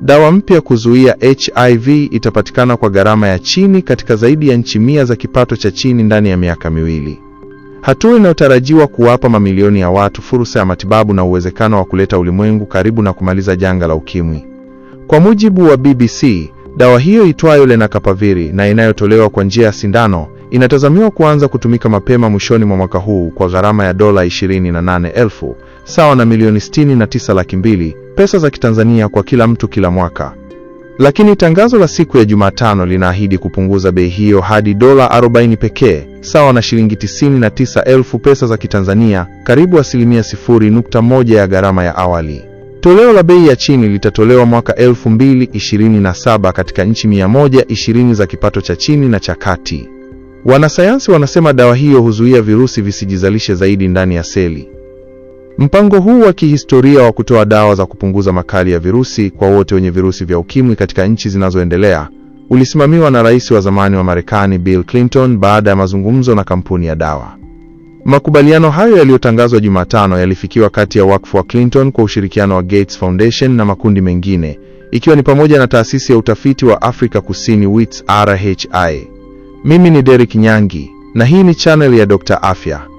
Dawa mpya kuzuia HIV itapatikana kwa gharama ya chini katika zaidi ya nchi mia za kipato cha chini ndani ya miaka miwili, hatua inayotarajiwa kuwapa mamilioni ya watu fursa ya matibabu na uwezekano wa kuleta ulimwengu karibu na kumaliza janga la ukimwi. Kwa mujibu wa BBC, dawa hiyo itwayo lenacapavir na inayotolewa kwa njia ya sindano inatazamiwa kuanza kutumika mapema mwishoni mwa mwaka huu kwa gharama ya dola 28,000 sawa na milioni 69 laki mbili pesa za Kitanzania kwa kila mtu kila mwaka. Lakini tangazo la siku ya Jumatano linaahidi kupunguza bei hiyo hadi dola 40 pekee, sawa na shilingi 99,000 pesa za Kitanzania, karibu asilimia 0.1 ya gharama ya awali. Toleo la bei ya chini litatolewa mwaka 2027 katika nchi 120 za kipato cha chini na cha kati. Wanasayansi wanasema dawa hiyo huzuia virusi visijizalishe zaidi ndani ya seli. Mpango huu wa kihistoria wa kutoa dawa za kupunguza makali ya virusi kwa wote wenye virusi vya ukimwi katika nchi zinazoendelea ulisimamiwa na rais wa zamani wa Marekani Bill Clinton baada ya mazungumzo na kampuni ya dawa. Makubaliano hayo yaliyotangazwa Jumatano yalifikiwa kati ya wakfu wa Clinton kwa ushirikiano wa Gates Foundation na makundi mengine ikiwa ni pamoja na taasisi ya utafiti wa Afrika Kusini WITS RHI. Mimi ni Derek Nyangi na hii ni channel ya Dr. Afya.